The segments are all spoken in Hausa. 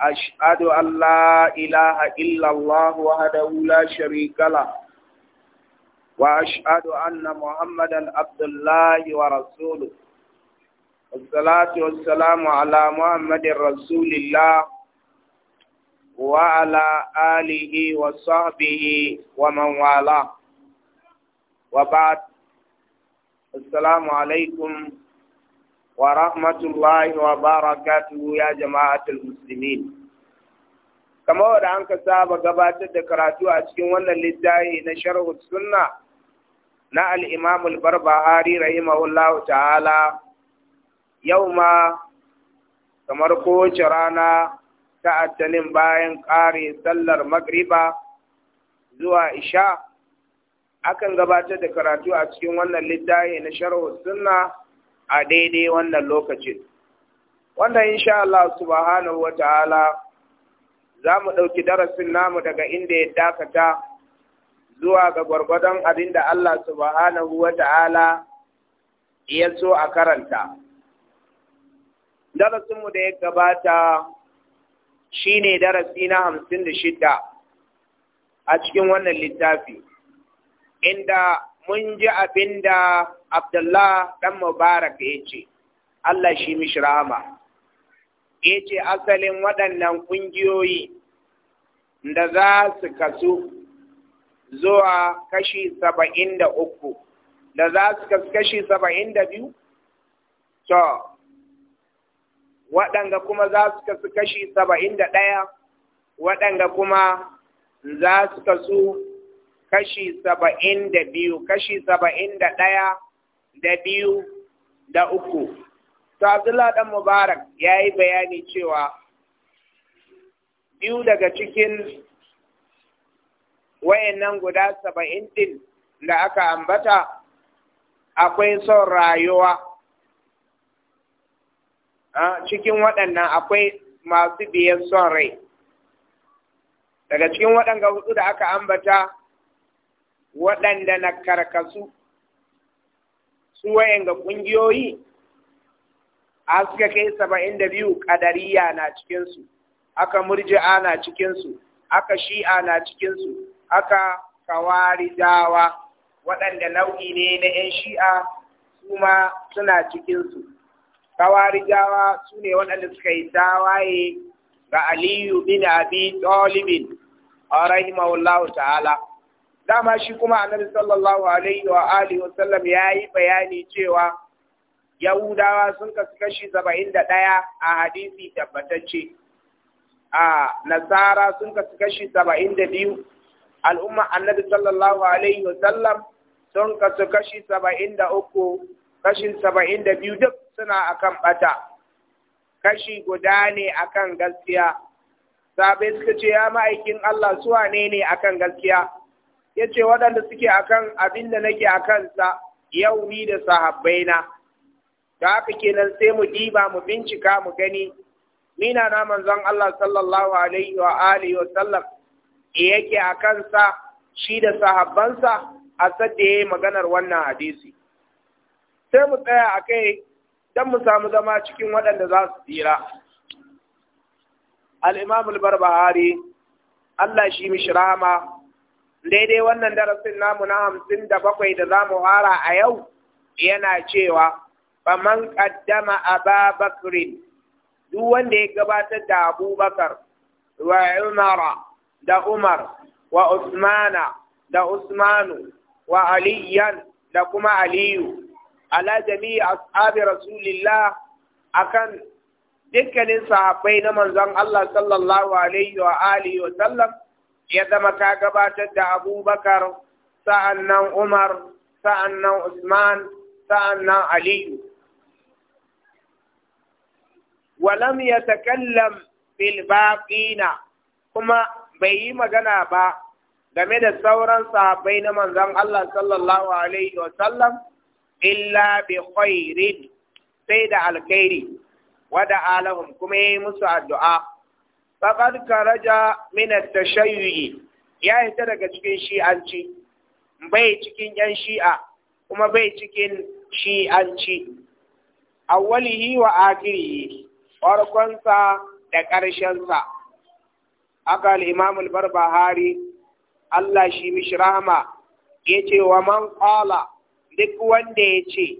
أشهد أن لا إله إلا الله وحده لا شريك له وأشهد أن محمدا عبد الله ورسوله الصلاة والسلام على محمد رسول الله وعلى آله وصحبه ومن والاه وبعد السلام عليكم ورحمة الله وبركاته يا جماعة المسلمين kamar wanda an ka saba gabatar da karatu a cikin wannan littafi na sharhu sunna na al-imam al-barbahari rahimahullahu ta'ala yau ma kamar kowace rana ta attanin bayan ƙare sallar magriba zuwa isha akan gabatar da karatu a cikin wannan littafi na sharhu sunna a daidai wannan lokacin Wannan insha Allah subhanahu wa ta'ala za mu ɗauki darasin namu daga inda ya dakata zuwa ga gwargwadon abin da Allah subhanahu wa ta'ala ya so a karanta. Darasinmu da ya gabata shi ne darasi na hamsin da shida a cikin wannan littafi, inda mun ji abin da Abdullah ɗan Mubarak ya ce, Allah shi mishi rahama. Ya ce asalin waɗannan ƙungiyoyi da za su kasu zuwa kashi saba'in da uku, da za su kasu kashi saba'in da biyu? To, waɗanda kuma za su kasu kashi saba'in da ɗaya, waɗanda kuma za su kasu kashi saba'in da biyu, kashi saba'in da ɗaya. da biyu da uku. To Abdullah ɗan Mubarak ya yi bayani cewa biyu daga cikin wayannan guda saba'in ɗin da aka ambata akwai son rayuwa. Cikin waɗannan akwai masu biyan son rai. Daga cikin waɗanda hudu da aka ambata waɗanda na karkasu su wayanga ƙungiyoyi a suka kai saba'in da biyu ƙadariya na cikinsu aka murji'a na cikinsu aka shi'a na cikinsu aka kawarijawa waɗanda nau'i ne na 'yan shi'a kuma suna cikinsu dawa su ne waɗanda suka yi tawaye ga aliyu bin abi ɗolibin a rahimahullahu ta'ala dama shi kuma annabi sallallahu alaihi wa alihi wa sallam yayi bayani cewa yahudawa sun kasu kashi saba'in da ɗaya a hadisi tabbatacce a nasara sun kasu kashi saba'in da biyu al'umma annabi sallallahu alaihi wa sallam sun kasu kashi saba'in da uku kashin saba'in da biyu duk suna akan bata kashi guda ne akan gaskiya sabai suka ce ya ma'aikin Allah suwa ne ne akan gaskiya ya ce waɗanda suke kan abin da nake a kansa yau ni da sahabbai na. da haka kenan sai mu diba mu bincika mu gani mina na manzon Allah sallallahu alaihi wa alihi wa sallam yake a kansa shi da sahabbansa a sadda yayi maganar wannan hadisi sai mu tsaya a kai don mu samu zama cikin waɗanda za su tsira al-imam al-barbahari Allah shi mishi rahama daidai wannan darasin namu na hamsin da bakwai da za mu fara a yau yana cewa faman qaddama aba bakrin duk wanda ya gabatar da abubakar wa umara da umar wa usmana da usmanu wa aliyan da kuma aliyu ala jami'i ashabi rasulillah akan dukkanin sahabbai na manzon Allah sallallahu alaihi wa alihi wa sallam ya zama ka gabatar da abubakar sa'annan umar sa'annan usman sa'annan aliyu walam ya takallam bil baqina kuma bai yi magana ba game da sauran sahabbai na manzon Allah sallallahu alaihi wa sallam illa bi khairin sai da alkhairi wa da alahum kuma yi musu addu'a faqad karaja min at-tashayyu'i ya hita daga cikin shi'anci bai cikin yan shi'a kuma bai cikin shi'anci awwalihi wa akhirihi farkonsa da ƙarshensa aka al-imam al-barbahari Allah shi Mishrama, ya yace wa man qala duk wanda yace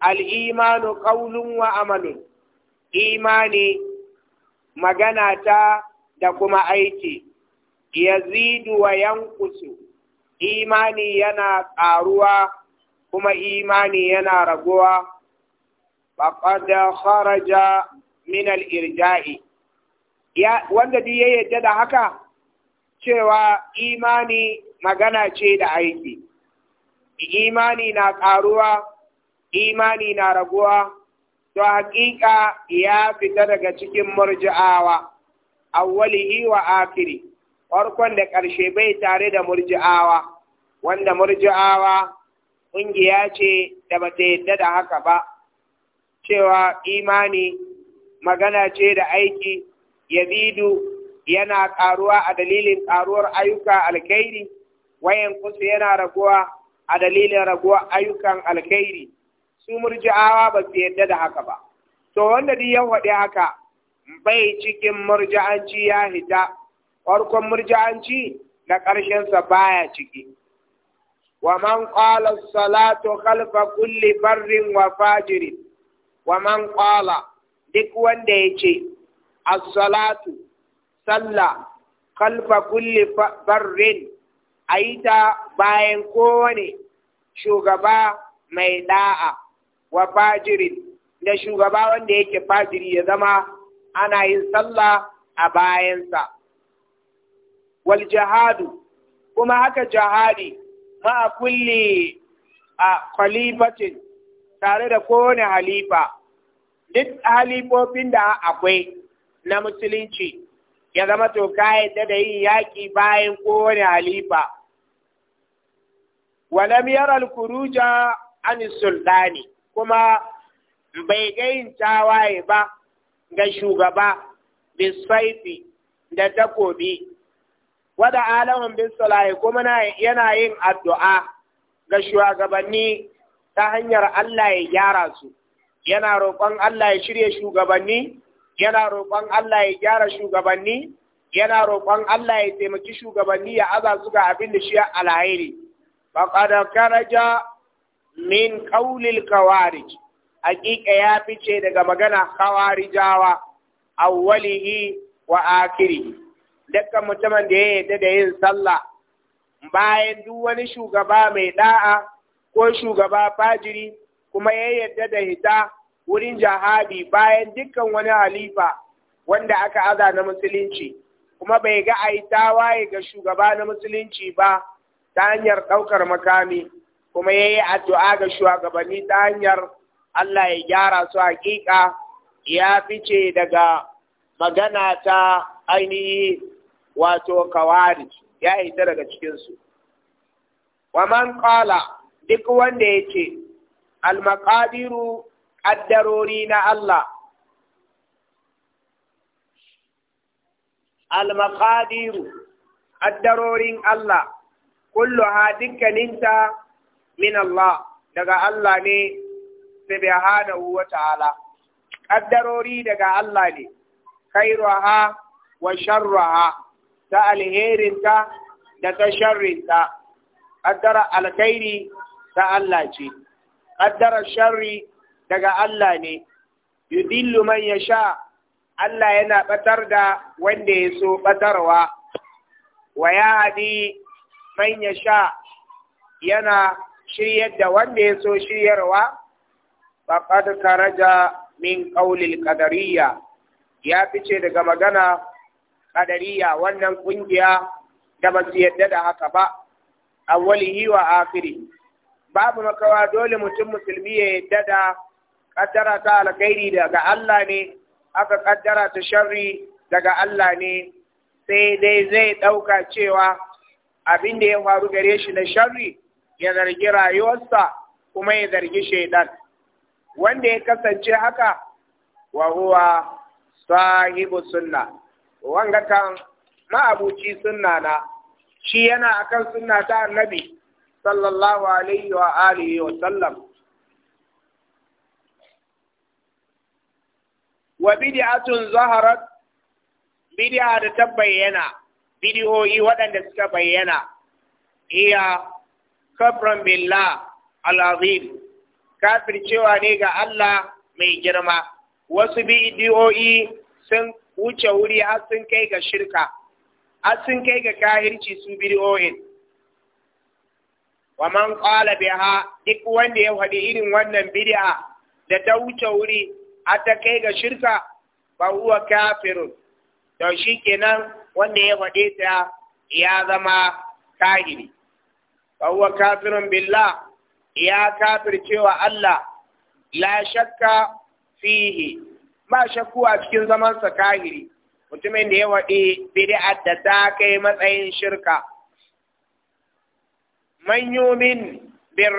al-imanu qawlun wa amalun imani magana ta da kuma aiki yazidu wa yankusu imani yana ƙaruwa kuma imani yana raguwa faqad kharaja min irjai ya wanda duk ya yadda da haka cewa imani magana ce da aiki imani na ƙaruwa imani na raguwa to haƙiƙa ya fita daga cikin murji'awa awwalihi wa akiri farkon da ƙarshe bai tare da murji'awa wanda murji'awa ƙungiya ce da bata yadda da haka ba cewa imani magana ce da aiki yazidu yana ƙaruwa a dalilin ƙaruwar ayyuka alkhairi wayan kusa yana raguwa a dalilin raguwar ayyukan alkhairi su murji'awa ba su yadda da haka ba to wanda duk ya faɗi haka bai cikin murji'anci ya hita farkon murja'anci na sa baya ciki wa man qala salatu khalfa kulli barrin wa fajirin wa man qala duk wanda yace as-salatu salla khalfa kulli barrin ta bayan kowane shugaba mai da'a wa fajirin da shugaba wanda yake fajiri ya zama ana yin sallah a bayansa wal jihadu kuma haka jihadi ma kulli a khalifatin tare da kowane halifa duk halifofin da akwai na musulunci ya zama to yadda da yin yaƙi bayan kowane halifa lam yara al-kuruja an sultani kuma bai gayin tawaye ba ga shugaba bisfaifi da takobi wada alamun bisfalaye kuma yana yin addu'a ga shugabanni ta hanyar Allah ya gyara su yana roƙon Allah ya shirya shugabanni yana roƙon Allah ya gyara shugabanni yana roƙon Allah ya taimaki shugabanni ya aza su ga abin da shi alhairi faqad karaja min kaulil kawarij hakika ya fice daga magana kawarijawa awwalihi wa akhiri dukkan mutumin da ya yarda da yin sallah bayan duk wani shugaba mai da'a ko shugaba fajiri kuma ya yadda da hita wurin jahadi bayan dukkan wani halifa wanda aka aza na musulunci kuma bai ga a yi ga shugaba na musulunci ba ta hanyar ɗaukar makami kuma ya yi addu'a ga shugabanni ta hanyar Allah ya gyara su hakika ya fice daga magana ta ainihi wato kawari ya hita daga cikinsu. Waman kala duk wanda ya ce, Almakadiru ƙaddarori na Allah, Almakadiru ƙaddarorin Allah, kullu ha dukkaninta min Allah daga Allah ne subhanahu wa ta'ala kaddarori daga Allah ne khairuha wa Sharraha ta alherinta da ta sharrinta kaddara alkhairi ta Allah ce kaddara sharri daga Allah ne yudillu man sha Allah yana ɓatar da wanda ya so ɓatarwa wa yahdi man sha yana shiryar da wanda ya so shiryarwa faqad karaja min ƙaulil ƙadariya ya fice daga magana ƙadariya. wannan ƙungiya da ba su yadda da haka ba a yi wa afiri babu makawa dole mutum musulmi ya yadda da ƙaddara ta alkhairi daga Allah ne aka ƙaddara ta sharri daga Allah ne sai dai zai ɗauka cewa abin da ya faru gare shi na sharri ya zargi rayuwarsa kuma ya zargi shaidan wanda ya kasance haka wa huwa sahibu sunna wanga kan ma'abuci sunna na shi yana akan sunna ta annabi sallallahu alaihi wa alihi wa sallam wa bid'atun zaharat bid'a da ta bayyana bid'o'i waɗanda suka bayyana iya kafran billah al'azim cewa ne ga Allah mai girma wasu bidiyoyi sun wuce wuri har sun kai ga shirka har sun kai ga kahirci su bidiyoyin wa man qala biha duk wanda ya faɗi irin wannan bid'a da ta wuce wuri har ta kai ga shirka ba huwa kafirun to kenan wanda ya faɗe ta ya zama kahiri فهو كافر بالله يا كافر Allah الله لا شك فيه ما شكوا أتكين زمان سكاهري mutumin da ya waɗe bid'ar da ta kai matsayin shirka Manyumin yumin bin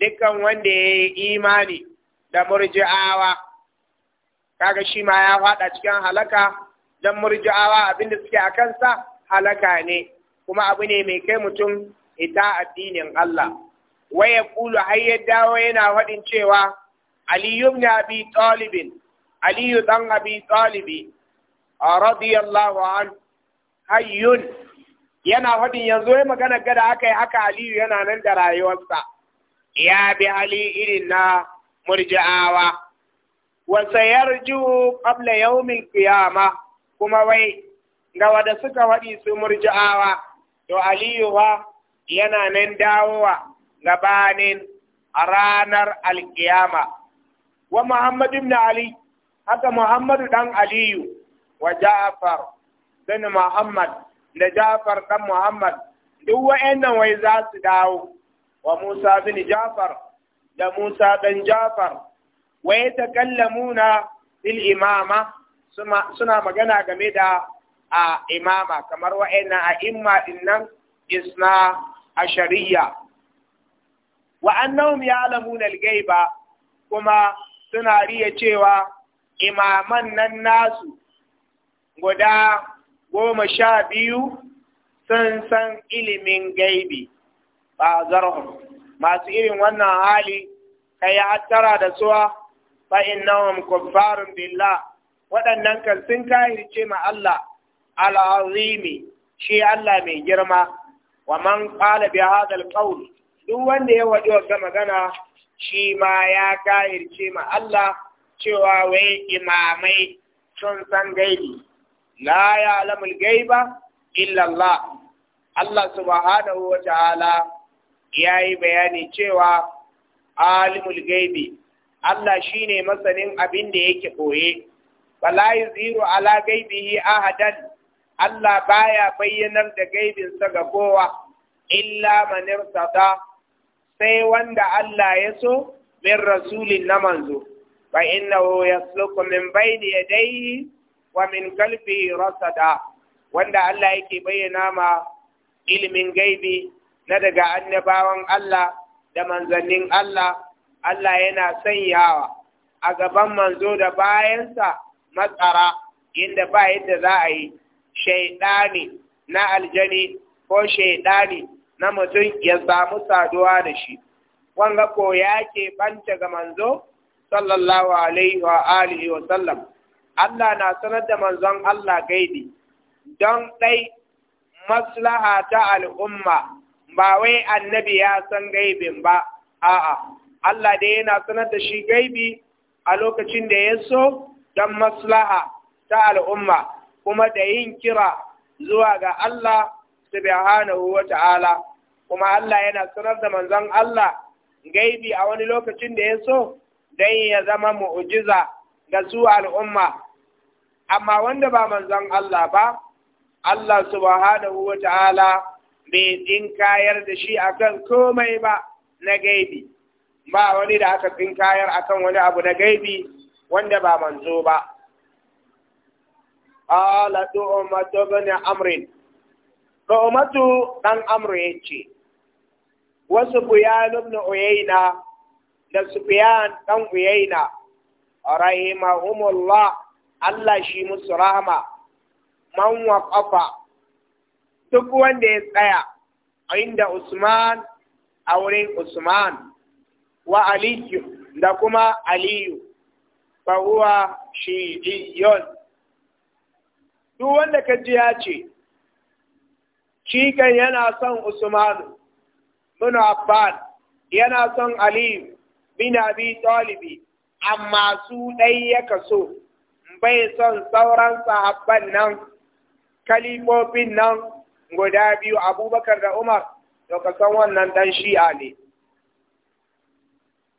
dukkan wanda ya yi imani da murji'awa kaga shi ma ya faɗa cikin halaka don murji'awa da suke a kansa halaka ne kuma abu ne mai kai mutum ita addinin Allah Waye Kulu har ya dawo yana faɗin cewa Ali ibn Abi Talib Ali dan Abi Talib radiyallahu an hayyun yana faɗin yanzu Wai magana gada aka yi haka Aliyu yana nan da rayuwarsa, ya bi hali irin na murji'awa, jihu yarju ƙabla yaumin kiyama kuma wai ga wada suka faɗi su murji'awa, to Aliyu ba yana nan dawowa gabanin a ranar alkiyama wa Muhammad ibn Ali haka Muhammadu dan Aliyu wa Ja'far dan Muhammad da Ja'far dan Muhammad duk wa'annan wai za su dawo wa Musa bin Ja'far da Musa dan Ja'far wa yatakallamuna bil imama suna magana game da a imama kamar wa'annan a imma dinnan isna ashariya wa annahum ya'lamuna al-ghaiba kuma suna riya cewa imaman nan nasu guda goma sha biyu sun san ilimin gaibi ba zarhum masu irin wannan hali kai tara da suwa fa innahum kuffarun billah waɗannan kan sun kahirce ma Allah al-azimi shi Allah mai girma wa man qala bi hadha duk wanda ya wadi wannan magana shi ma ya kayirce ma Allah cewa wai imamai sun san gaibi la alamul gaiba illa Allah Allah subhanahu wa ta'ala yayi bayani cewa alimul gaibi Allah shine masanin abin da yake koye wala yuziru ala gaibihi ahadan Allah baya bayyanar da gaibinsa ga kowa illa man irtada sai wanda Allah ya so min rasulin na manzo fa innahu yasluku min bayni yadayhi wa min kalfi rasada wanda Allah yake bayyana ma ilimin gaibi na daga annabawan Allah da manzannin Allah Allah yana sanyawa a gaban manzo da bayansa matsara inda ba yadda za a yi shaidani na aljani ko shaidani na mutum ya samu saduwa da shi wanga ko ya ke banta ga manzo sallallahu alaihi wa alihi wa sallam Allah na sanar da manzon Allah gaidi don dai maslaha ta al'umma ba wai annabi ya san gaibin ba a'a Allah dai yana sanar da shi gaibi a lokacin da ya so don maslaha ta al'umma kuma da yin kira zuwa ga Allah subhanahu wa ta'ala kuma Allah yana sanar da manzon Allah gaibi a wani lokacin da ya so don ya zama mu'ujiza ga su al'umma amma wanda ba manzon Allah ba Allah subhanahu wa ta'ala bai tsinkayar da shi akan komai ba na gaibi ba wani da aka tsinkayar kan wani abu na gaibi wanda ba manzo ba qala du'matu ibn amrin du'matu dan amru yace wa sufyan ibn uyayna da sufyan dan uyayna rahimahumullah Allah shi musu rahama man duk wanda ya tsaya inda Usman a wurin Usman wa Aliyu da kuma Aliyu fa huwa shi'iyyun duk wanda ka ji ya ce cikin yana son Usman bin Abbas, yana son Aliyu, bin Abi Talibi amma su ɗai ya kaso bai son sauran sahabban nan kalifofin nan guda biyu abubakar da umar da ka san wannan dan shi'a ne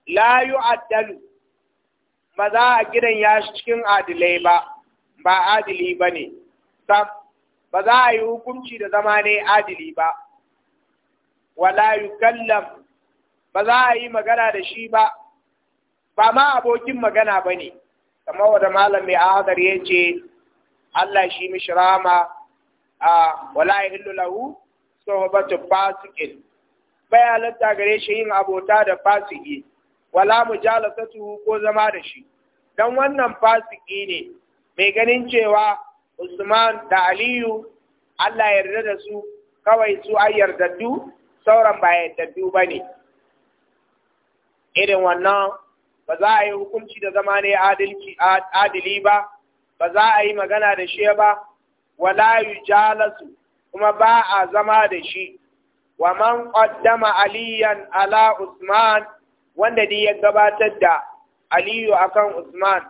Layu Adalu ba za a gidan ya cikin adilai ba ba adili ba ne sam ba za a yi hukunci da zama ne adili ba wala yukallam ba za a yi magana da shi ba ba ma abokin magana ba ne kamar wanda malam mai ahadar ya ce Allah shi mishi rama a wala yahillu lahu sohbatu fasikin bai halatta gare shi yin abota da fasiki wala mu mujalasatu ko zama da shi Don wannan fasiki ne mai ganin cewa Usman da Aliyu Allah yarda da su kawai su an yardaddu sauran ba yardaddu ba ne. Irin wannan ba za a yi hukunci da zama ne adili ba, ba za a yi magana da shi ba, wala yu jalasu kuma ba a zama da shi. Wa man qaddama aliyan ala Usman wanda ne ya gabatar da Aliyu akan Usman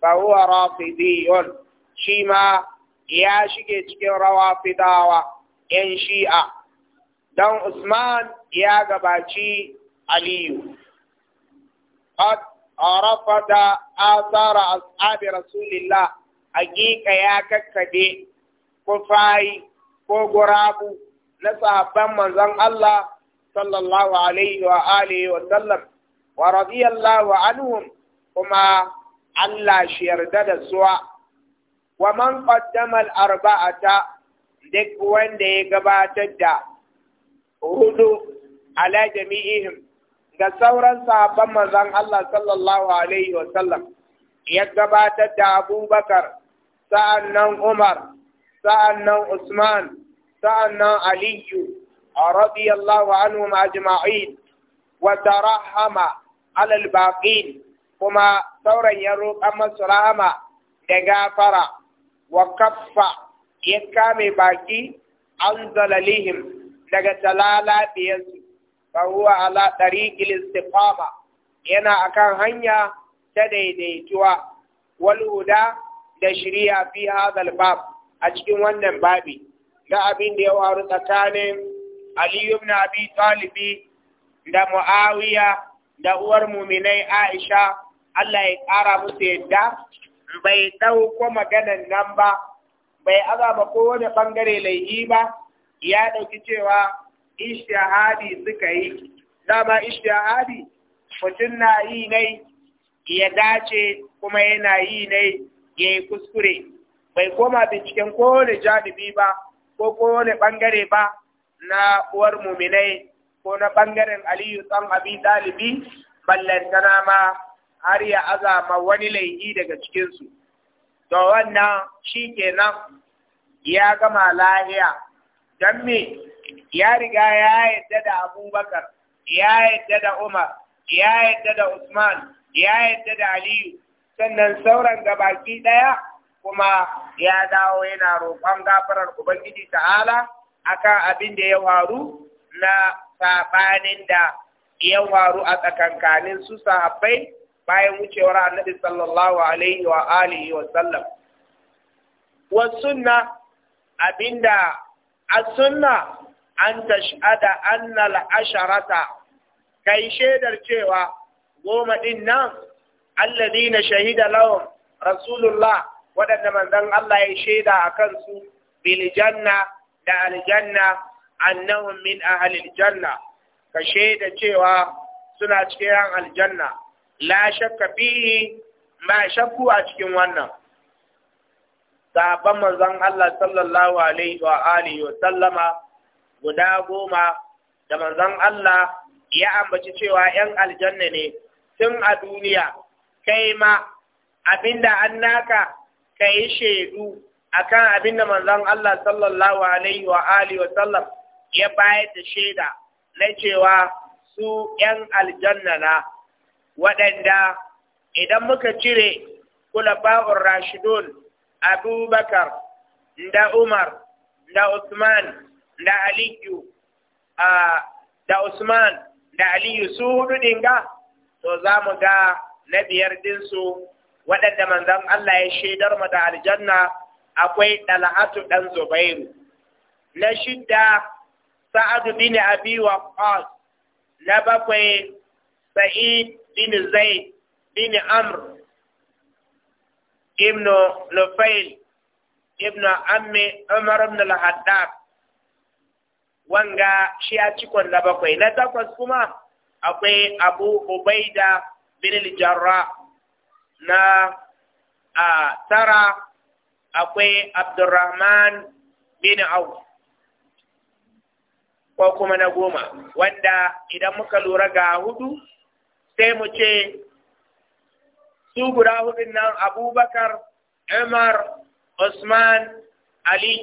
fa huwa rafidiyun shi ma ya shige cikin rawa fidawa ‘yan shi'a, don Usman ya gabaci Aliyu. Arafa da asara ashabi Rasulillah, hakika ya kakkabe kufayi ko gurabu na sahabban manzon Allah sallallahu alaihi wa alihi wa sallam wa radiyallahu anhum kuma Allah shi yarda da suwa. wa man qaddama arba'ata duk wanda ya gabatar da hudu ala jami'ihim ga sauran sahabban mazan Allah sallallahu ya gabatar da Abubakar sa'annan Umar sa'annan Usman sa'annan Aliyu radiyallahu anhum ajma'in wa tarahama ala al kuma sauran ya roƙa masu rahama da gafara wa kaffa ya kame baki an zalalihim daga talala biyansu fa huwa ala tariqil istiqama yana akan hanya ta daidaituwa wal da shiriya fi hadal bab a cikin wannan babi na abin da ya waru tsakanin Ali ibn Abi Talib da Muawiya da uwar muminai Aisha Allah ya ƙara musu yadda bai ɗauko maganan nan ba bai azaba ko wani ɓangare laihi ba ya ɗauki cewa ishtihadi suka yi dama ishtihadi mutum na yi ne ya dace kuma yana yi ne ya yi kuskure bai koma binciken kowane jaribi ba ko kowane ɓangare ba na uwar muminai ko na ɓangaren aliyu ɗan abi ɗalibi ballantana ma har ya azama wani laifi daga cikinsu. To wannan shi kenan ya gama lahiya, don me ya riga ya yadda da abubakar, ya yadda da Umar, ya yadda da Usman, ya yadda da Aliyu, sannan sauran ki ɗaya kuma ya dawo yana roƙon gafarar Ubangiji ta'ala akan abin da ya waru na sabanin da ya waru a tsakankanin su sahabbai bayan wucewar annabi sallallahu alaihi wa alihi wa sallam wa sunna abinda a sunna an tashhada anna al-asharata kai shaidar cewa goma din nan alladhina shahida lahum rasulullah wadanda manzon Allah ya shaida a kansu. bil janna da aljanna annahum min ahli janna. ka shaida cewa suna cikin aljanna la shakka fihi ma shakku a cikin wannan Sabon manzon Allah sallallahu alaihi wa alihi wa sallama guda goma da manzon Allah ya ambaci cewa ‘yan aljanna ne tun a duniya kai ma abinda an naka ka yi shaidu akan abinda manzon Allah sallallahu alaihi wa alihi wa sallam ya bayar da shaida na cewa su ‘yan aljanna na waɗanda idan muka cire kula ba'ur rashidun abubakar da umar da usman da aliyu da usman da aliyu su hudu dinga to za mu ga na biyar dinsu waɗanda manzon Allah ya shaidar mu da aljanna akwai dalhatu ɗan zubairu na shidda sa'adu bin abi wa na bakwai Sa'id bin Zaid bin Amr ibn Nufail ibn Ammi Umar ibn al-Haddad wanga shi a cikon na bakwai na takwas kuma akwai Abu Ubaida bin al na a tara akwai Abdurrahman bin Auf ko kuma na goma wanda idan muka lura ga hudu sai mu ce su guda hudun nan abubakar umar usman ali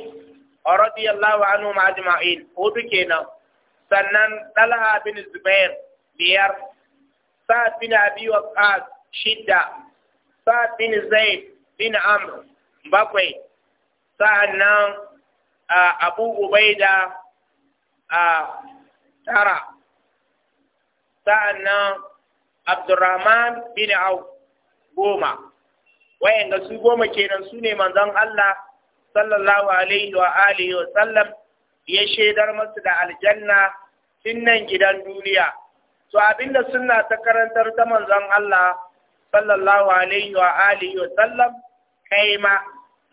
radiyallahu anhu ajma'in hudu kenan sannan talha bin zubair biyar sa'ad bin abi waqas shidda sa'ad bin zaid bin amr bakwai sa'annan abu ubaida a tara sa'annan Abdurrahman bin Auf goma wayanga su goma kenan su ne manzon Allah sallallahu alaihi wa alihi wa sallam ya shaidar masu da aljanna tun nan gidan duniya to abinda sunna ta karantar ta manzon Allah sallallahu alaihi wa alihi wa sallam kai ma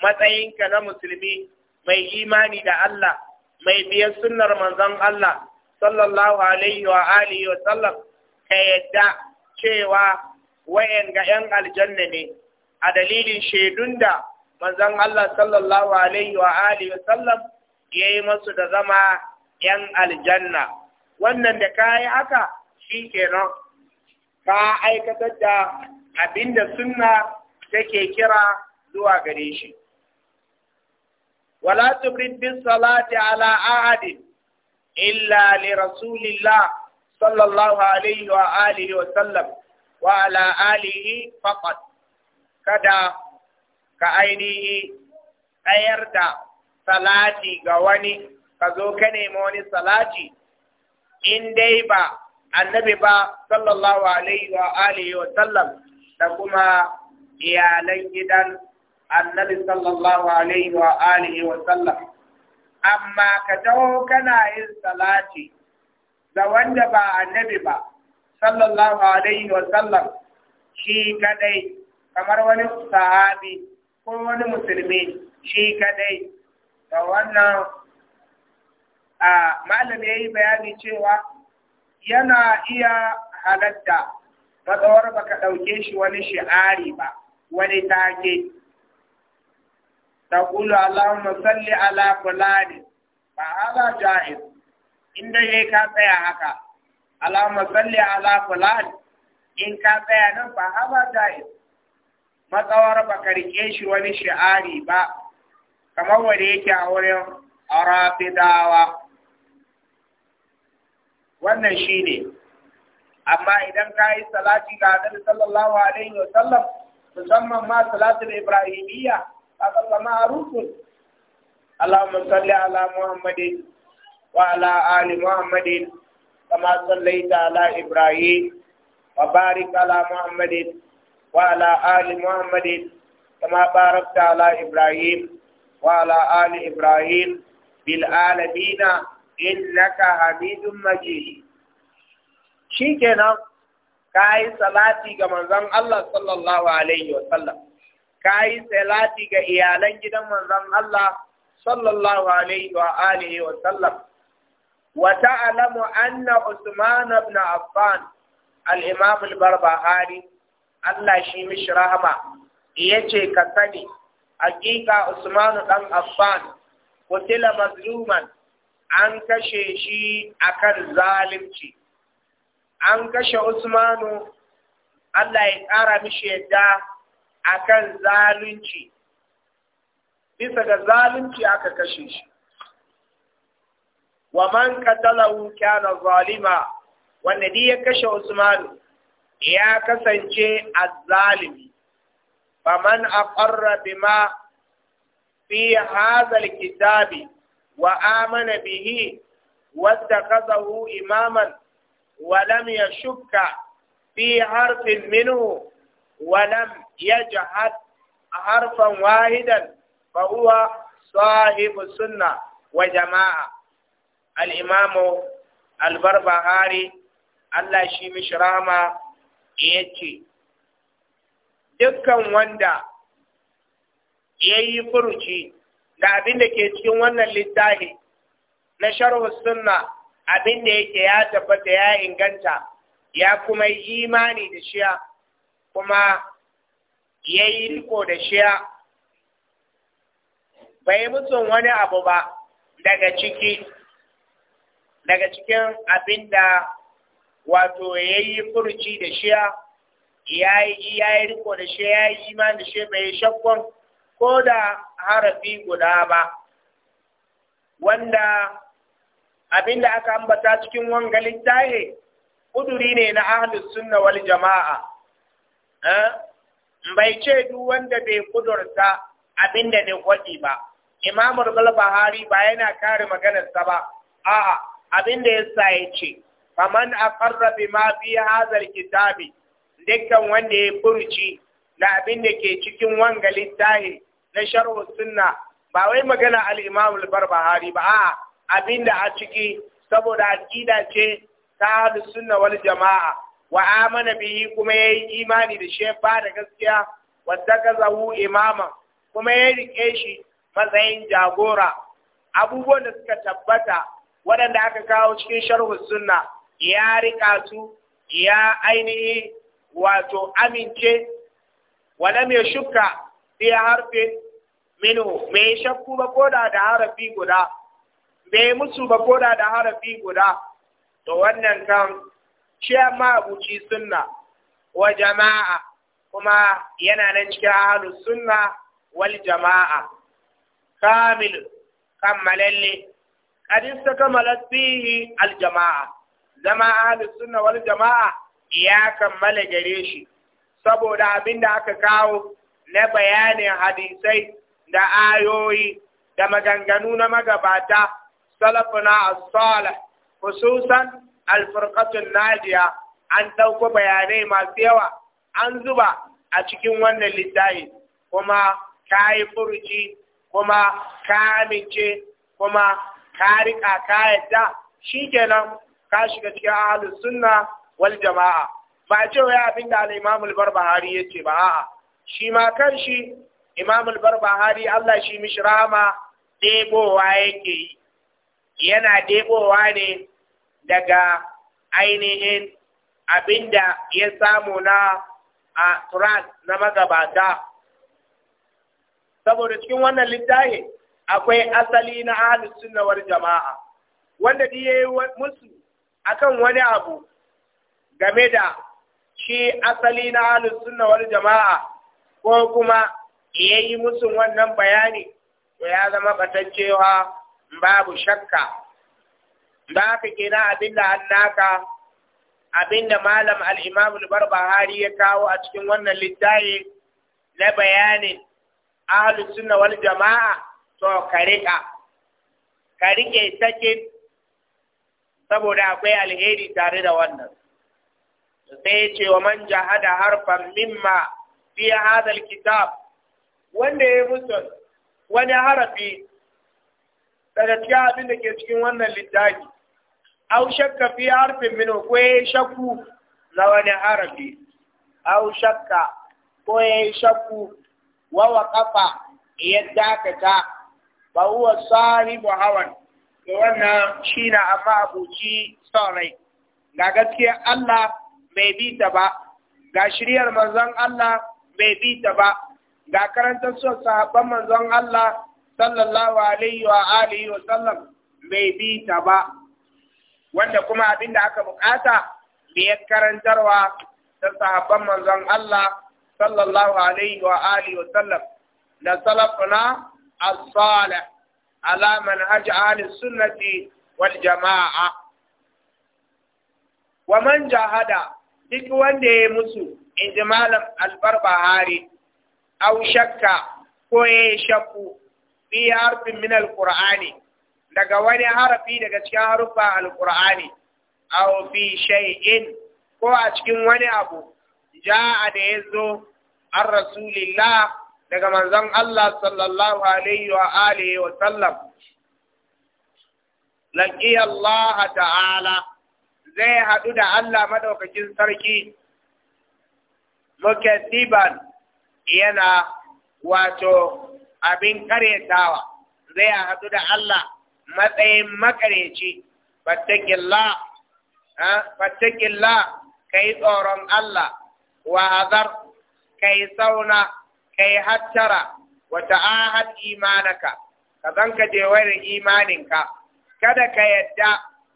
matsayinka na musulmi mai imani da Allah mai biyan sunnar manzon Allah sallallahu alaihi wa alihi wa sallam ka yadda cewa wayan ga ‘yan aljanna ne a dalilin shaidun da manzon Allah sallallahu Alaihi wa Alihi sallam ya yi masu da zama ‘yan aljanna. Wannan da ka yi haka shi kenan ka aikatar da abinda sunna take kira zuwa gare shi. Wala tubrid bis salati ala ahadin illa li rasulillah sallallahu alaihi wa alihi wa sallam wa ala alihi kada ka ainihi tsayar da salati ga wani ka zo ka nemi wani salati in dai ba annabi ba sallallahu alaihi wa alihi wa sallam da kuma iyalan gidan annabi sallallahu wa wa sallam amma ka kana yin salati da wanda ba annabi ba sallallahu alaihi wa sallam shi kadai kamar wani sahabi ko wani musulmi shi kadai da wannan a malami yayi bayani cewa yana iya halatta matsawar ka ɗauke shi wani shi'ari ba wani take تقول اللهم صل على فلان فهذا جائز in ne ka tsaya haka alama salli ala fulan in ka tsaya nan ba haba da'in matsawar ba ka rike shi wani shi'ari ba kamar wani yake a wurin arafidawa wannan shi ne amma idan ka yi salati ga annabi sallallahu alaihi wa sallam musamman ma salatul ibrahimiyya ka zama ma'rufun Allahumma salli ala Muhammadin وعلى آل محمد كما صليت على إبراهيم وبارك على محمد وعلى آل محمد كما باركت على إبراهيم وعلى آل إبراهيم بالعالمين إنك حميد مجيد شيكنا كاي صلاتي كما زن الله صلى الله عليه وسلم كاي صلاتي كإيالان جدا من زن الله صلى الله عليه وآله وسلم وتعلم أن Usman بن عفان الإمام البربهاري Allah shi mishi rahama ya ce ka sani Usmanu ɗan Affan kutila mazluman an kashe shi akan zalimci an kashe Usmanu Allah ya ƙara mishi yadda akan zalunci bisa ga zalunci aka kashe shi Wa man ka tada wuƙa na zaluma, dai ya kashe Usman, ya kasance a zalimi. Ba man haƙar rabi ma fiye haɗar kitabi, wa'a bihi wanda ka zaune imaman. Wa nam ya shuka fiye harfin minhu. Wa nam ya jihar a harfan wahidan bauwa su a hifusunna wa jama'a. al'imamu albarbahari Allah shi mishi ya ce, Dukkan wanda ya yi furuci da abin da ke cikin wannan littafi na sharhu sunna abin da yake ya tabbata ya inganta ya kuma yi imani da shiya kuma ya yi riko da shiya bai mutum wani abu ba daga ciki daga cikin abin da wato ya yi furci da shiya ya yi riko da shi yi iman da shi bai shakkon ko da harafi guda ba wanda abin da aka ambata cikin wangalin littahi kuduri ne na ahlus sunna wal jama'a eh? bai ce duk wanda bai kudurta da ne kwaɗi ba imamul bahari ba yana kare maganarsa ba a'a abin da yasa ya ce faman aqarra ma fi hadha alkitabi dukkan wanda ya furci da abin da ke cikin wanga littahi na sharhu sunna ba wai magana al-imam al-barbahari ba a'a abin da a ciki saboda aƙida ce ta ahlus sunna wal jama'a wa amana bihi kuma yayi imani da shi ba da gaskiya zahu imama kuma ya riƙe shi matsayin jagora abubuwan da suka tabbata waɗanda aka kawo cikin sharhu sunna ya riƙa su ya ainihi wato amince wala mai shukka fi harfin minu mai shakku ba koda da harafi guda mai musu ba koda da harafi guda to wannan kan shi amma abuci sunna wa jama'a kuma yana nan cikin ahlus sunna wal jama'a kamil kammalalle قد استكملت فيه الجماعة sunna أهل jama'a ya kammala gare shi, saboda abin da aka kawo na bayanin hadisai da ayoyi da maganganu na magabata salafuna as-salih hususan al-furqatun an dauko bayanai masu yawa an zuba a cikin wannan littafi kuma kayi furuci kuma ka kuma ka riƙa shi ke nan ka shiga cikin ahlus sunna wal jama'a ba a cewa ya abin da al-imam al-barbahari ba a'a shi ma kanshi imam al-barbahari Allah shi mishi rama debowa yake yi yana deɓowa ne daga ainihin abinda ya samu na a turan na magabata saboda cikin wannan littafi akwai asali na ahlus jama'a wanda da yayi musu akan wani abu game da shi asali na ahlus jama'a ko kuma yayi musu wannan bayani to ya zama batancewa babu shakka ba ka abin da annaka da malam al-imam al ya kawo a cikin wannan littafi na bayanin ahlus sunna jama'a to ka riƙa riƙe sakin saboda akwai alheri tare da wannan sai ya ce wa man jahada harfan mimma fi hadha kitab wanda ya musu wani harafi daga cikin abin da ke cikin wannan littafi aw shakka fi harfin min ko ya shakku na wani harafi aw shakka ko ya shakku wa waqafa yadda ka ta ba huwa sahibu hawan wannan shi na amma abuci son ga gaskiya Allah bai bi ta ba ga shiryar manzon Allah bai bi ta ba ga karantar son sahabban manzon Allah sallallahu alaihi wa alihi wa sallam bai bi ta ba wanda kuma abinda aka bukata biyar karantarwa ta sahabban manzon Allah sallallahu alaihi wa alihi wa sallam da salafuna الصالح على منهج أهل السنة Wa ومن جاهد duk wanda ya musu in ji malam albarbahari au shakka ko ya yi shakku fi min alqur'ani daga wani harafi daga cikin haruffa alqur'ani A fi shay'in ko a cikin wani abu a da zo an rasulillah daga manzon Allah sallallahu alaihi wa alihi wa sallam Allah ta'ala zai haɗu da Allah madaukakin sarki mukaddiban yana wato abin karetawa zai haɗu da Allah matsayin makareci fattakillah ka kai tsoron Allah wa hazar kai sauna kai hattara wa ta'ahad imanaka ka zanka wayar imaninka kada ka yadda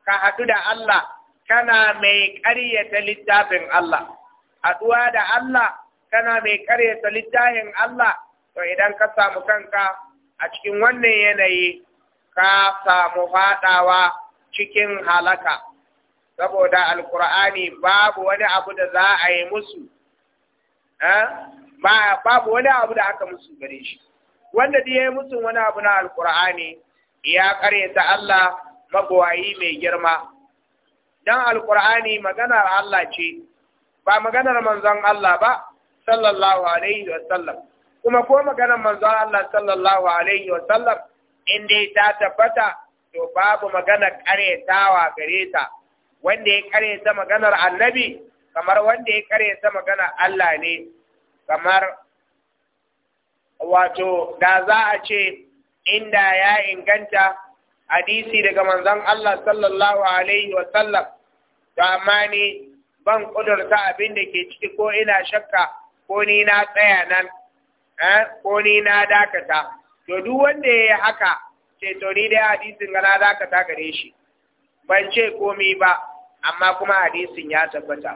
ka haɗu da Allah kana mai ƙaryata littafin Allah haɗuwa da Allah kana mai ƙaryata littafin Allah to idan ka samu kanka a cikin wannan yanayi ka samu faɗawa cikin halaka saboda alkur'ani babu wani abu da za a yi musu eh? ba babu wani abu da aka musu gare shi wanda da yayi musu wani abu na alqur'ani ya karyata Allah magwayi mai girma dan alqur'ani maganar Allah ce ba maganar manzon Allah ba sallallahu alaihi wa sallam kuma ko maganar manzon Allah sallallahu alaihi wa sallam inda dai ta tabbata to babu maganar karyatawa gare ta wanda ya karyata maganar annabi kamar wanda ya karyata maganar Allah ne kamar wato da za a ce inda ya inganta hadisi daga manzon Allah sallallahu alaihi wa sallam to amma ni ban kudurta abin da ke ciki ko ina shakka ko ni na tsaya nan eh ko ni na dakata to duk wanda yayi haka ce to ni dai hadisin ga na dakata gare shi ban ce komai ba amma kuma hadisin ya tabbata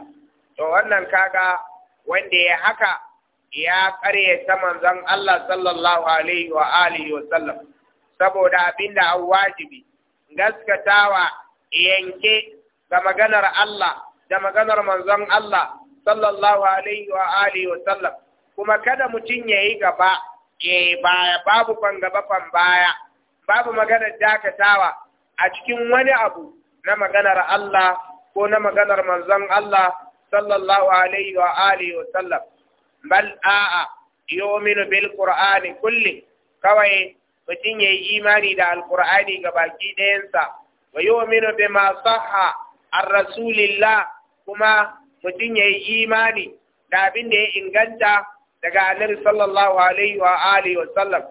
to wannan kaga wanda yayi haka ya ta manzon Allah sallallahu alaihi wa alihi wa sallam saboda abinda an wajibi gaskatawa yanke ga maganar Allah da maganar manzon Allah sallallahu alaihi wa alihi wa sallam kuma kada mutum yayi gaba yi baya babu fan gaba fan baya babu maganar dakatawa a cikin wani abu na maganar Allah ko na maganar manzon Allah sallallahu alaihi wa alihi wa sallam bal a'a minu bil qur'ani kulli kawai mutum yayi imani da Alƙur'ani ga baki ɗayansa wa bi ma sahha ar rasulillah kuma mutum yayi imani da abin da ya inganta daga annabi sallallahu alaihi wa alihi wa sallam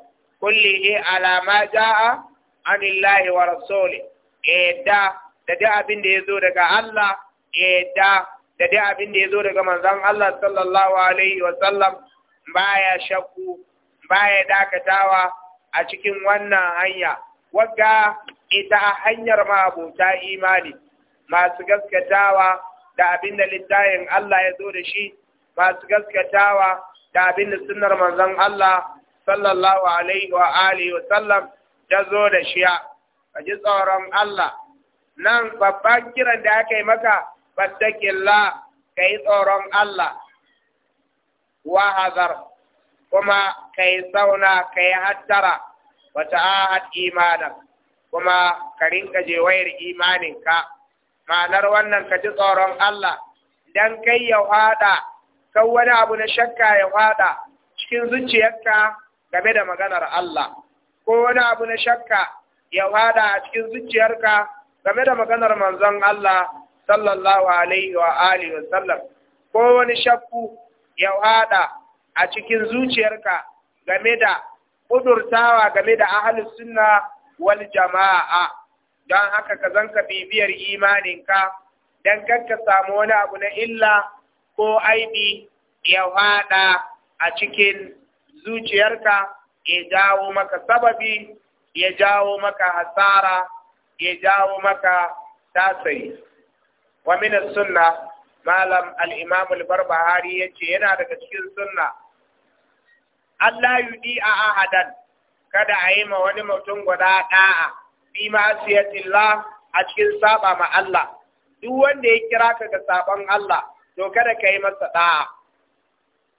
kulli ala ma jaa anillahi wa rasuli E, da da abin da ya zo daga Allah da. da dai abin da ya zo daga manzon Allah sallallahu alaihi wa sallam baya shakku baya dakatawa a cikin wannan hanya wagga ita hanyar ma'abota imani masu gaskatawa da abin da littayin Allah ya zo da shi masu gaskatawa da abin da sunnar manzon Allah sallallahu alaihi wa alihi wa sallam ya zo da shi a ji tsoron Allah nan babban kiran da aka yi maka fattaqillah kai tsoron Allah wa hazar kuma kai sauna kai hattara wa ta'ahad imanan kuma ka rinka imanin imaninka ma'anar wannan ka ji tsoron Allah dan kai ya hada kan wani abu na shakka ya hada cikin zuciyarka game da maganar Allah ko wani abu na shakka ya hada a cikin zuciyarka game da maganar manzon Allah sallallahu alaihi wa alihi wa sallam ko wani shakku ya wada a cikin zuciyarka game da kudurtawa game da ahlus sunna wal jama'a don haka ka zanka bibiyar imaninka don ka samu wani abu na illa ko aibi ya wada a cikin zuciyarka ya jawo maka sababi ya jawo maka hasara ya jawo maka tasiri wa min sunna malam al-imam al-barbahari yace yana daga cikin sunna Allah yudi a ahadan kada a yi ma wani mutum guda da'a bi ma'asiyatillah a cikin saba ma Allah duk wanda ya kira ka ga saban Allah to kada ka yi masa da'a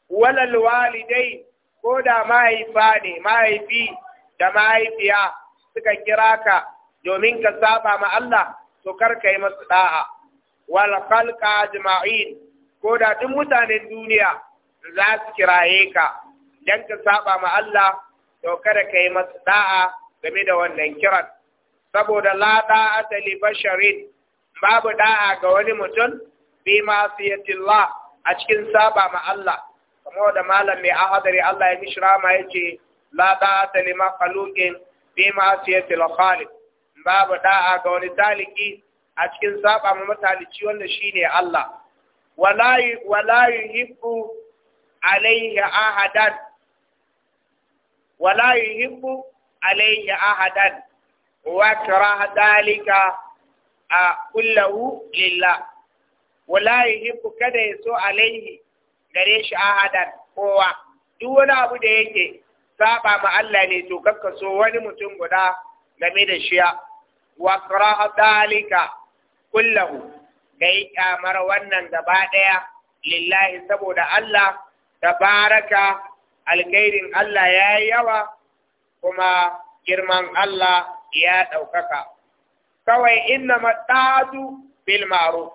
walal walidai ko da mahaifa ne mahaifi da mahaifiya suka kira ka domin ka saba ma Allah to kar ka yi masa da'a wal khalqa ajma'in ko da duk mutanen duniya za su kiraye ka dan ka saba ma Allah to kada kai masa da'a game da wannan kiran saboda la da'ata li basharin babu ɗa'a ga wani mutum bi masiyatillah a cikin saba ma Allah kamar da malam mai ahadari Allah ya mishra ma yace la da'ata li makhluqin bi masiyatil khaliq babu ɗa'a ga wani taliki a cikin saba ma matalici wanda ne Allah wala wala yuhibbu alaihi ahadan wala yuhibbu alaihi ahadan wa karaha dalika a kullahu lillah wala yuhibbu kada ya a alaihi gare shi ahadan kowa duk wani abu da yake saba ma Allah ne to so wani mutum guda game da shiya wa karaha dalika kullahu kai kyamar wannan gaba ɗaya lillahi saboda Allah tabaraka alkhairin Allah ya yi yawa kuma girman Allah ya ɗaukaka. Kawai inna matatu bil ma'ruf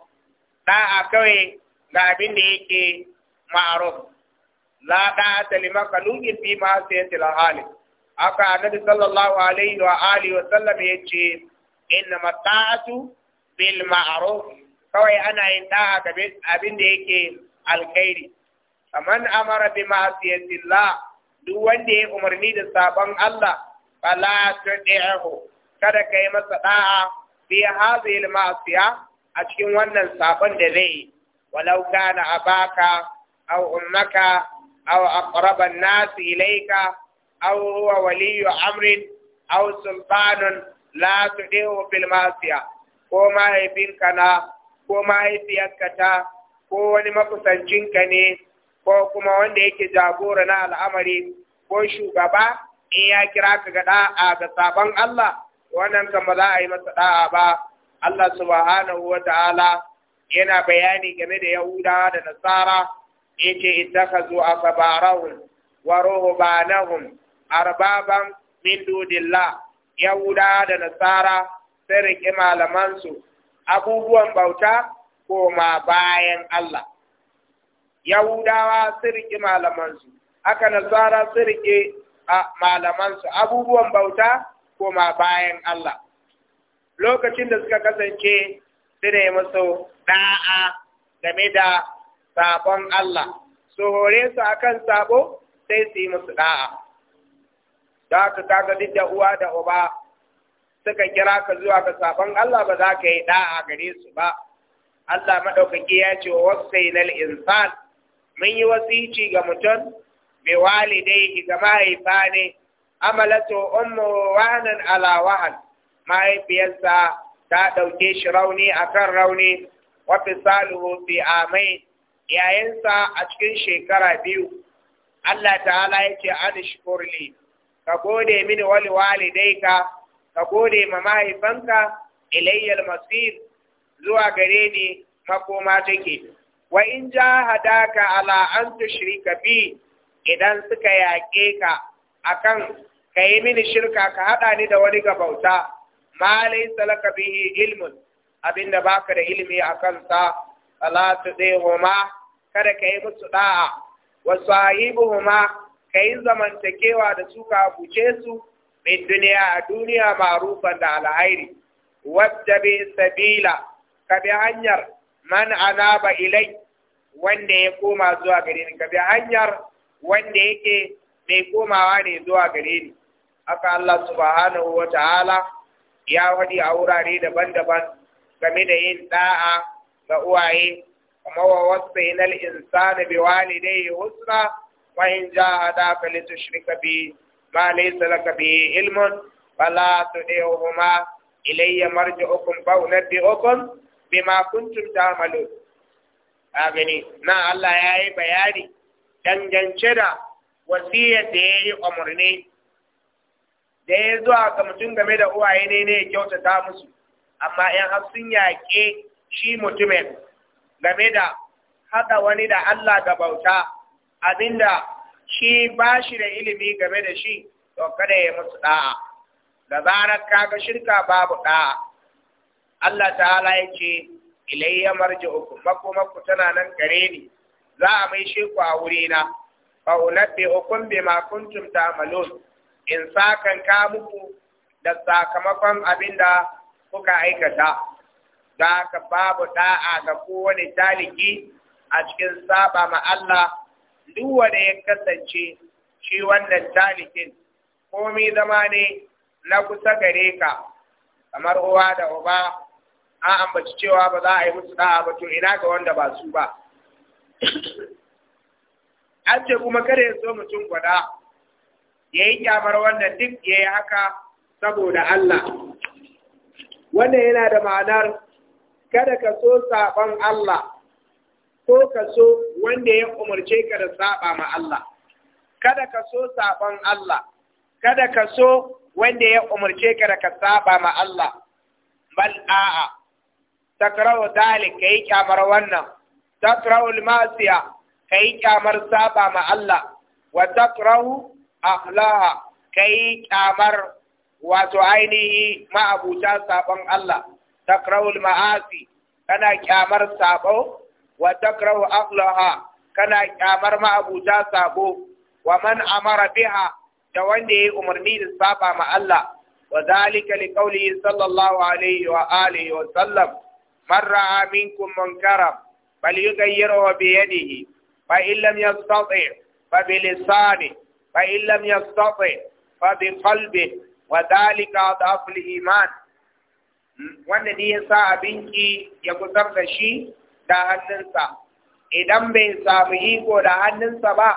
da'a kawai ga abin da yake ma'ruf la da'ata liman kalugin fi ma sayyatil halin Aka annabi sallallahu alaihi wa alihi wa sallam yace inna matatu. bil ma'ruf kawai ana yin ɗa'a ga abin da yake alkhairi faman amara bi ma'siyatillah duk wanda ya umarni da sabon Allah fala tudihu kada kai masa da'a bi hadhihi al-ma'siya a cikin wannan sabon da zai walau kana abaka aw ummaka aw aqraba nas ilayka aw huwa waliyyu amrin aw sultanun la tudihu bil ma'siya ko mahaifinka na ko mahaifiyarka ta ko wani makusancinka ne ko kuma wanda yake jagora na al'amari ko shugaba in ya kira ka ga da'a ga sabon Allah wannan kan ba za a yi masa da'a ba Allah subhanahu wa ta'ala yana bayani game da Yahudawa da Nasara yace ittakhazu asabarahum wa ruhbanahum arbaban min dunillah Yahudawa da Nasara sai riƙe malamansu abubuwan bauta ma bayan Allah. Yahudawa sun riƙe malamansu, aka nasara sun riƙe malamansu abubuwan bauta ma bayan Allah. Lokacin da suka kasance su ne musu ɗa'a game da sabon Allah, su hore su akan sabo sai su yi musu ɗa'a. Da haka kaga duk da uwa da uba suka kira ka zuwa ga sabon Allah ba za ka yi da'a gare su ba Allah maɗaukaki ya ce na insan mun yi wasici ga mutum bi walidai ga mahaifa ne amalato ummu wahnan ala alawahan. mahaifiyarsa ta ɗauke shi rauni akan rauni wa fisaluhu fi amai yayinsa a cikin shekara biyu Allah ta'ala ya ce an shukurli ka gode mini wali walidaika ka gode ma mahaifanka ilayyal masir zuwa gare ni makoma take wa in hadaka ala an tushrika bi idan suka yaƙe ka akan ka yi mini shirka ka haɗa ni da wani gabauta ma laysa laka bihi ilmun abinda baka da ilimi akan sa ala tudihuma kada ka yi musu da'a wa sahibuhuma ka yi zamantakewa da suka buce su min duniya a duniya ma'rufan da alhairi wadda bi sabila ka bi hanyar man anaba ilai wanda ya koma zuwa gare ni ka bi hanyar wanda yake mai komawa ne zuwa gare ni aka Allah subhanahu wa ta'ala ya wadi a wurare daban-daban game da yin da'a ga uwaye kuma wa wasainal insani bi walidayhi husna wa in jahadaka litushrika bi ما ليس لك به علم فلا تطيعهما إلي مرجعكم فأنبئكم بما كنتم تعملون أغني نا الله يا بياني dangance da wasiyar da ya yi umarni da ya zuwa ga mutum game da uwaye ne ne ya kyautata musu amma ‘yan hafsun yaƙe shi mutumin game da haɗa wani da Allah da bauta abinda shi ba shi da ilimi game da shi to kada ya musu da'a da zarar kaga shirka babu da'a Allah ta'ala ya ce ilayya marji'ukum makomakku tana nan gare ni za a mai shi ku a wuri na fa ukum bima kuntum ta'malun in sakan ka muku da sakamakon abinda kuka aikata za ka babu da'a ga kowane taliki a cikin saba ma Allah duk wanda ya kasance shi wannan talikin komi zama ne na kusa gare ka kamar uwa da uba an ambaci cewa ba za a yi musu da'a ba to ina ga wanda ba su ba an ce kuma kada ya so mutum gwada ya yi kyamar wannan duk ya yi haka saboda Allah wannan yana da ma'anar kada ka so saɓon Allah ko ka so wanda ya umarce ka da saba ma Allah kada ka so saban Allah kada ka so wanda ya umarce ka da ka saba ma Allah bal a'a takrahu ka yi kyamar wannan takrahu almasiya kai kyamar saba ma Allah wa takrahu ahlaha kai kyamar wato ainihi ma'abuta saban Allah takrahu almaasi kana kyamar sabo wa takrahu aqlaha kana kyamar ma'abuta sabo wa man amara biha da wanda yayi umarni da saba ma Allah wa zalika li sallallahu alaihi wa alihi wa sallam man ra'a minkum munkara falyughayyirhu bi yadihi fa in lam yastati fa bi lisani fa in lam yastati fa bi qalbi wa zalika adhafu al iman hmm, wanda ne ya abinki ya kusar da shi da hannunsa idan bai samu iko da hannunsa ba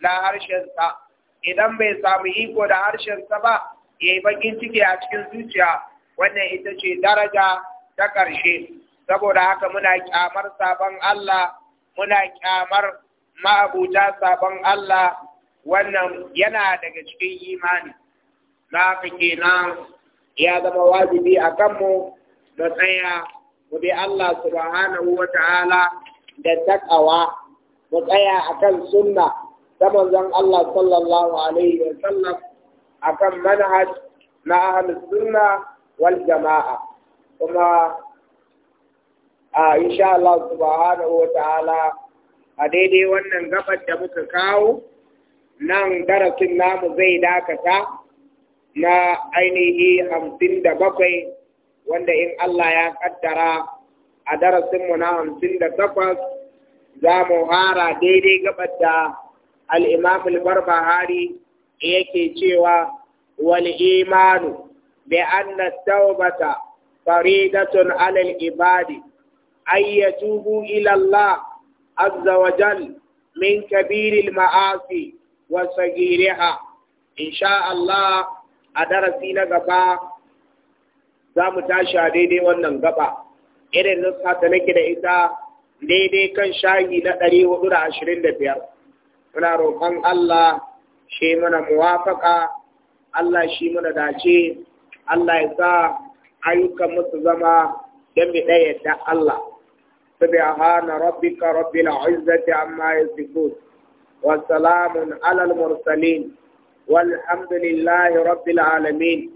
na harshensa idan bai samu iko da harshensa ba ya yi bakin ciki a cikin zuciya wannan ita ce daraja ta ƙarshe saboda haka muna kyamar sabon Allah muna kyamar ma'abuta sabon Allah wannan yana daga cikin imani na haka kenan ya zama wajibi a kanmu da tsaya bi Allah subhanahu wa ta'ala da takawa mu tsaya akan sunna ta manzon Allah sallallahu alaihi wa sallam akan manhaj na ahlus sunna wal jama'a kuma a insha Allah subhanahu wa ta'ala a daidai wannan gabar da muka kawo nan darasin namu zai dakata na ainihi hamsin da bakwai wanda in Allah ya kaddara a darasinmu na hamsin da takwas za mu hara daidai gabar da al'imam al-barbahari yake cewa wal imanu bi anna taubata faridatun alal ibadi ay yatubu ila Allah azza wa jal min kabiril ma'asi wa sagiriha insha Allah a darasi na gaba za mu tashi a daidai wannan gaba irin nuska ta nake da ita daidai kan shayi na ɗari hudu da ashirin da biyar muna roƙon Allah shi muna muwafaka Allah shi muna dace Allah ya sa ayyukan musu zama don bi ɗaya da Allah na سبحان ربك رب العزة عما Wa salamun alal mursalin والحمد لله رب العالمين